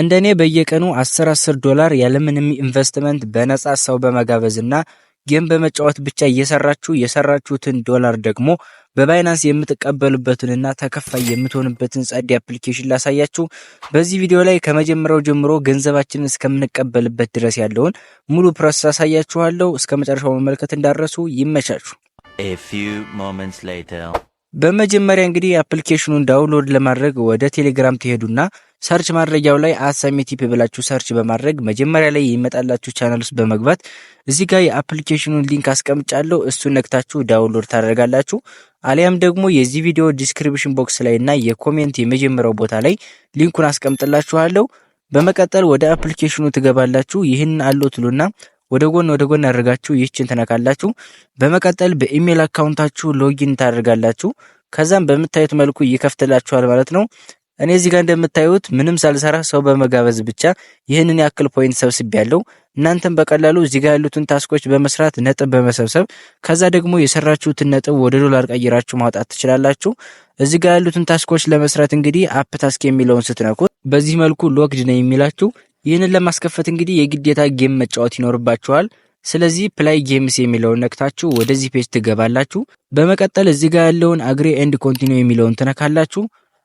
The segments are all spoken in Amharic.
እንደኔ በየቀኑ 10 10 ዶላር ያለምንም ኢንቨስትመንት በነፃ ሰው በመጋበዝና ጌም በመጫወት ብቻ እየሰራችሁ የሰራችሁትን ዶላር ደግሞ በባይናንስ የምትቀበሉበትንና ተከፋይ የምትሆንበትን ጸድ አፕሊኬሽን ላሳያችሁ። በዚህ ቪዲዮ ላይ ከመጀመሪያው ጀምሮ ገንዘባችንን እስከምንቀበልበት ድረስ ያለውን ሙሉ ፕሮሰስ አሳያችኋለሁ። እስከ መጨረሻው መመልከት እንዳረሱ ይመቻችሁ። በመጀመሪያ እንግዲህ አፕሊኬሽኑን ዳውንሎድ ለማድረግ ወደ ቴሌግራም ትሄዱና ሰርች ማድረጊያው ላይ አሳሚ ቲፕ ብላችሁ ሰርች በማድረግ መጀመሪያ ላይ የሚመጣላችሁ ቻናል ውስጥ በመግባት እዚህ ጋር የአፕሊኬሽኑን ሊንክ አስቀምጫለሁ። እሱን ነክታችሁ ዳውንሎድ ታደርጋላችሁ። አሊያም ደግሞ የዚህ ቪዲዮ ዲስክሪፕሽን ቦክስ ላይ እና የኮሜንት የመጀመሪያው ቦታ ላይ ሊንኩን አስቀምጥላችኋለሁ። በመቀጠል ወደ አፕሊኬሽኑ ትገባላችሁ። ይህን አሎ ትሉና ወደ ጎን ወደ ጎን አድርጋችሁ ይህችን ትነካላችሁ። በመቀጠል በኢሜይል አካውንታችሁ ሎጊን ታደርጋላችሁ። ከዛም በምታዩት መልኩ ይከፍትላችኋል ማለት ነው። እኔ እዚህ ጋር እንደምታዩት ምንም ሳልሰራ ሰው በመጋበዝ ብቻ ይህንን ያክል ፖይንት ሰብስቤያለሁ። እናንተም በቀላሉ እዚህ ጋር ያሉትን ታስኮች በመስራት ነጥብ በመሰብሰብ ከዛ ደግሞ የሰራችሁትን ነጥብ ወደ ዶላር ቀይራችሁ ማውጣት ትችላላችሁ። እዚህ ጋር ያሉትን ታስኮች ለመስራት እንግዲህ አፕ ታስክ የሚለውን ስትነኩት በዚህ መልኩ ሎክድ ነው የሚላችሁ። ይህንን ለማስከፈት እንግዲህ የግዴታ ጌም መጫወት ይኖርባችኋል። ስለዚህ ፕላይ ጌምስ የሚለውን ነክታችሁ ወደዚህ ፔጅ ትገባላችሁ። በመቀጠል እዚህ ጋር ያለውን አግሬ ኤንድ ኮንቲኒ የሚለውን ትነካላችሁ።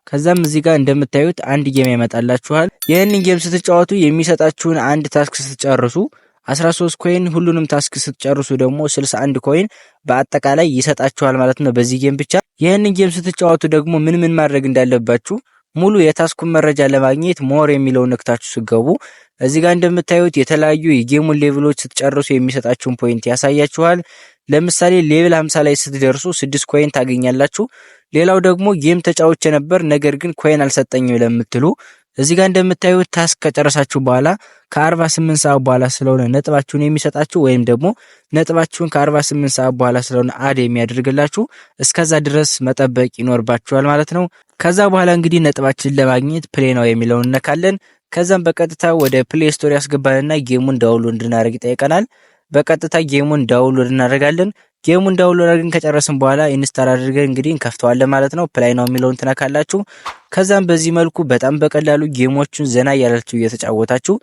ከዛም እዚህ ጋር እንደምታዩት አንድ ጌም ያመጣላችኋል። ይህንን ጌም ስትጫወቱ የሚሰጣችሁን አንድ ታስክ ስትጨርሱ 13 ኮይን፣ ሁሉንም ታስክ ስትጨርሱ ደግሞ 61 ኮይን በአጠቃላይ ይሰጣችኋል ማለት ነው በዚህ ጌም ብቻ። ይህንን ጌም ስትጫወቱ ደግሞ ምን ምን ማድረግ እንዳለባችሁ ሙሉ የታስኩን መረጃ ለማግኘት ሞር የሚለውን ነክታችሁ ስገቡ እዚህ ጋር እንደምታዩት የተለያዩ የጌሙን ሌቭሎች ስትጨርሱ የሚሰጣችሁን ፖይንት ያሳያችኋል። ለምሳሌ ሌቭል 50 ላይ ስትደርሱ ስድስት ኮይን ታገኛላችሁ። ሌላው ደግሞ ጌም ተጫውቼ ነበር ነገር ግን ኮይን አልሰጠኝም ለምትሉ እዚህ ጋር እንደምታዩት ታስክ ከጨረሳችሁ በኋላ ከ48 ሰዓት በኋላ ስለሆነ ነጥባችሁን የሚሰጣችሁ ወይም ደግሞ ነጥባችሁን ከ48 ሰዓት በኋላ ስለሆነ አድ የሚያደርግላችሁ እስከዛ ድረስ መጠበቅ ይኖርባችኋል ማለት ነው። ከዛ በኋላ እንግዲህ ነጥባችን ለማግኘት ፕሌ ነው የሚለውን እነካለን። ከዛም በቀጥታ ወደ ፕሌይ ስቶሪ ያስገባንና ጌሙን ዳውንሎድ እንድናደርግ ይጠይቀናል። በቀጥታ ጌሙን ዳውንሎድ እናደርጋለን። ጌሙን ዳውንሎድ አድርገን ከጨረስን በኋላ ኢንስታል አድርገን እንግዲህ እንከፍተዋለን ማለት ነው። ፕላይ ነው የሚለውን ትነካላችሁ። ከዛም በዚህ መልኩ በጣም በቀላሉ ጌሞቹን ዘና እያላችሁ እየተጫወታችሁ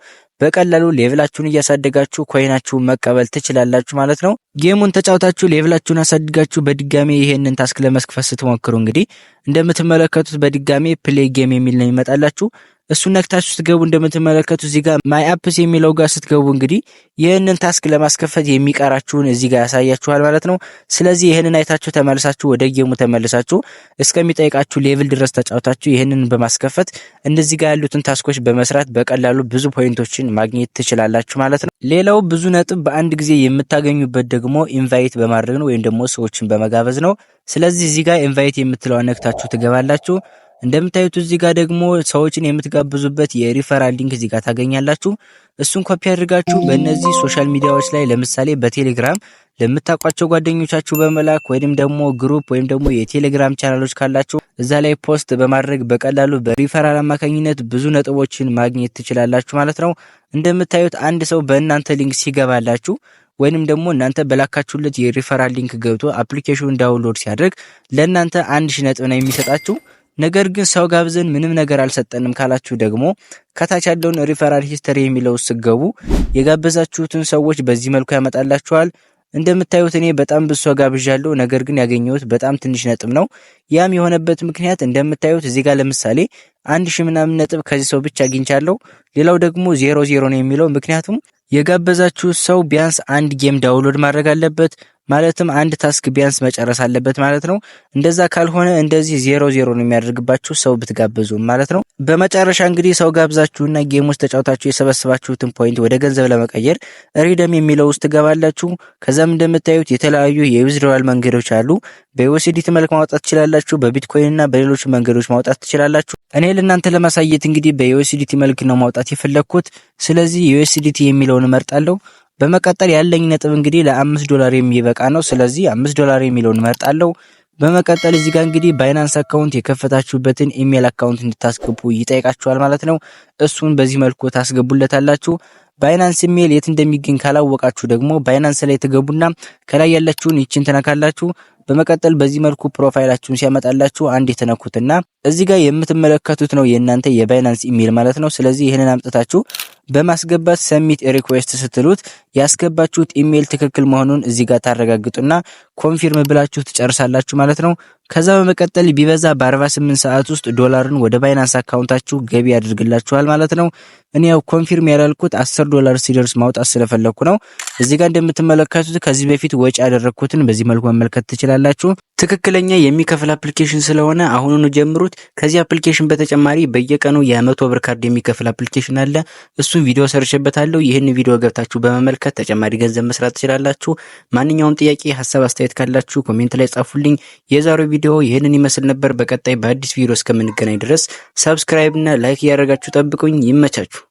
በቀላሉ ሌቭላችሁን እያሳደጋችሁ ኮይናችሁን መቀበል ትችላላችሁ ማለት ነው። ጌሙን ተጫውታችሁ ሌቭላችሁን አሳድጋችሁ በድጋሚ ይሄንን ታስክ ለመክፈት ስትሞክሩ እንግዲህ እንደምትመለከቱት በድጋሚ ፕሌይ ጌም የሚል ነው ይመጣላችሁ። እሱን ነክታችሁ ስትገቡ እንደምትመለከቱ እዚህ ጋር ማይ አፕስ የሚለው ጋር ስትገቡ እንግዲህ ይህንን ታስክ ለማስከፈት የሚቀራችሁን እዚህ ጋር ያሳያችኋል ማለት ነው። ስለዚህ ይህንን አይታችሁ ተመልሳችሁ ወደ ጌሙ ተመልሳችሁ እስከሚጠይቃችሁ ሌቭል ድረስ ተጫውታችሁ ይህንን በማስከፈት እንደዚህ ጋር ያሉትን ታስኮች በመስራት በቀላሉ ብዙ ፖይንቶችን ማግኘት ትችላላችሁ ማለት ነው። ሌላው ብዙ ነጥብ በአንድ ጊዜ የምታገኙበት ደግሞ ኢንቫይት በማድረግ ነው ወይም ደግሞ ሰዎችን በመጋበዝ ነው። ስለዚህ እዚህ ጋር ኢንቫይት የምትለው ነክታችሁ ትገባላችሁ። እንደምታዩት እዚህ ጋር ደግሞ ሰዎችን የምትጋብዙበት የሪፈራል ሊንክ እዚህ ጋር ታገኛላችሁ። እሱን ኮፒ አድርጋችሁ በእነዚህ ሶሻል ሚዲያዎች ላይ ለምሳሌ በቴሌግራም ለምታውቋቸው ጓደኞቻችሁ በመላክ ወይም ደግሞ ግሩፕ ወይም ደግሞ የቴሌግራም ቻናሎች ካላችሁ እዛ ላይ ፖስት በማድረግ በቀላሉ በሪፈራል አማካኝነት ብዙ ነጥቦችን ማግኘት ትችላላችሁ ማለት ነው። እንደምታዩት አንድ ሰው በእናንተ ሊንክ ሲገባላችሁ ወይንም ደግሞ እናንተ በላካችሁለት የሪፈራል ሊንክ ገብቶ አፕሊኬሽኑን ዳውንሎድ ሲያደርግ ለእናንተ አንድ ሺ ነጥብ ነው የሚሰጣችሁ። ነገር ግን ሰው ጋብዘን ምንም ነገር አልሰጠንም ካላችሁ ደግሞ ከታች ያለውን ሪፈራል ሂስተሪ የሚለው ስገቡ የጋበዛችሁትን ሰዎች በዚህ መልኩ ያመጣላችኋል። እንደምታዩት እኔ በጣም ብዙ ሰው ጋብዣለሁ፣ ነገር ግን ያገኘሁት በጣም ትንሽ ነጥብ ነው። ያም የሆነበት ምክንያት እንደምታዩት እዚህ ጋር ለምሳሌ አንድ ሺ ምናምን ነጥብ ከዚህ ሰው ብቻ አግኝቻለሁ። ሌላው ደግሞ ዜሮ ዜሮ ነው የሚለው ምክንያቱም የጋበዛችሁት ሰው ቢያንስ አንድ ጌም ዳውንሎድ ማድረግ አለበት። ማለትም አንድ ታስክ ቢያንስ መጨረስ አለበት ማለት ነው። እንደዛ ካልሆነ እንደዚህ ዜሮ ዜሮ ነው የሚያደርግባችሁ ሰው ብትጋብዙ ማለት ነው። በመጨረሻ እንግዲህ ሰው ጋብዛችሁና ጌም ውስጥ ተጫውታችሁ የሰበሰባችሁትን ፖይንት ወደ ገንዘብ ለመቀየር ሪደም የሚለው ውስጥ ትገባላችሁ። ከዛም እንደምታዩት የተለያዩ የዊዝድራል መንገዶች አሉ። በዩኤስዲቲ መልክ ማውጣት ትችላላችሁ። በቢትኮይንና በሌሎች መንገዶች ማውጣት ትችላላችሁ። እኔ ለእናንተ ለማሳየት እንግዲህ በዩኤስዲቲ መልክ ነው ማውጣት የፈለግኩት። ስለዚህ ዩኤስዲቲ የሚለውን እመርጣለሁ። በመቀጠል ያለኝ ነጥብ እንግዲህ ለአምስት ዶላር የሚበቃ ነው። ስለዚህ አምስት ዶላር የሚለውን መርጣለሁ። በመቀጠል እዚህ ጋር እንግዲህ ባይናንስ አካውንት የከፈታችሁበትን ኢሜል አካውንት እንድታስገቡ ይጠይቃችኋል ማለት ነው። እሱን በዚህ መልኩ ታስገቡለታላችሁ። ባይናንስ ኢሜል የት እንደሚገኝ ካላወቃችሁ ደግሞ ባይናንስ ላይ ትገቡና ከላይ ያለችውን ይችን ትነካላችሁ። በመቀጠል በዚህ መልኩ ፕሮፋይላችሁን ሲያመጣላችሁ አንድ የተነኩትና እዚህ ጋር የምትመለከቱት ነው የእናንተ የባይናንስ ኢሜል ማለት ነው። ስለዚህ ይህንን አምጥታችሁ በማስገባት ሰሚት ሪኩዌስት ስትሉት ያስገባችሁት ኢሜይል ትክክል መሆኑን እዚህ ጋር ታረጋግጡና ኮንፊርም ብላችሁ ትጨርሳላችሁ ማለት ነው። ከዛ በመቀጠል ቢበዛ በ48 ሰዓት ውስጥ ዶላርን ወደ ባይናንስ አካውንታችሁ ገቢ ያደርግላችኋል ማለት ነው። እኔ ያው ኮንፊርም ያላልኩት 10 ዶላር ሲደርስ ማውጣት ስለፈለኩ ነው። እዚህ ጋር እንደምትመለከቱት ከዚህ በፊት ወጪ ያደረግኩትን በዚህ መልኩ መመልከት ትችላላችሁ። ትክክለኛ የሚከፍል አፕሊኬሽን ስለሆነ አሁኑኑ ጀምሩት። ከዚህ አፕሊኬሽን በተጨማሪ በየቀኑ የመቶ ብር ካርድ የሚከፍል አፕሊኬሽን አለ። እሱን ቪዲዮ ሰርችበታለሁ። ይህን ቪዲዮ ገብታችሁ በመመልከት በመመልከት ተጨማሪ ገንዘብ መስራት ትችላላችሁ። ማንኛውም ጥያቄ፣ ሀሳብ፣ አስተያየት ካላችሁ ኮሜንት ላይ ጻፉልኝ። የዛሬው ቪዲዮ ይህንን ይመስል ነበር። በቀጣይ በአዲስ ቪዲዮ እስከምንገናኝ ድረስ ሰብስክራይብ እና ላይክ እያደረጋችሁ ጠብቁኝ። ይመቻችሁ።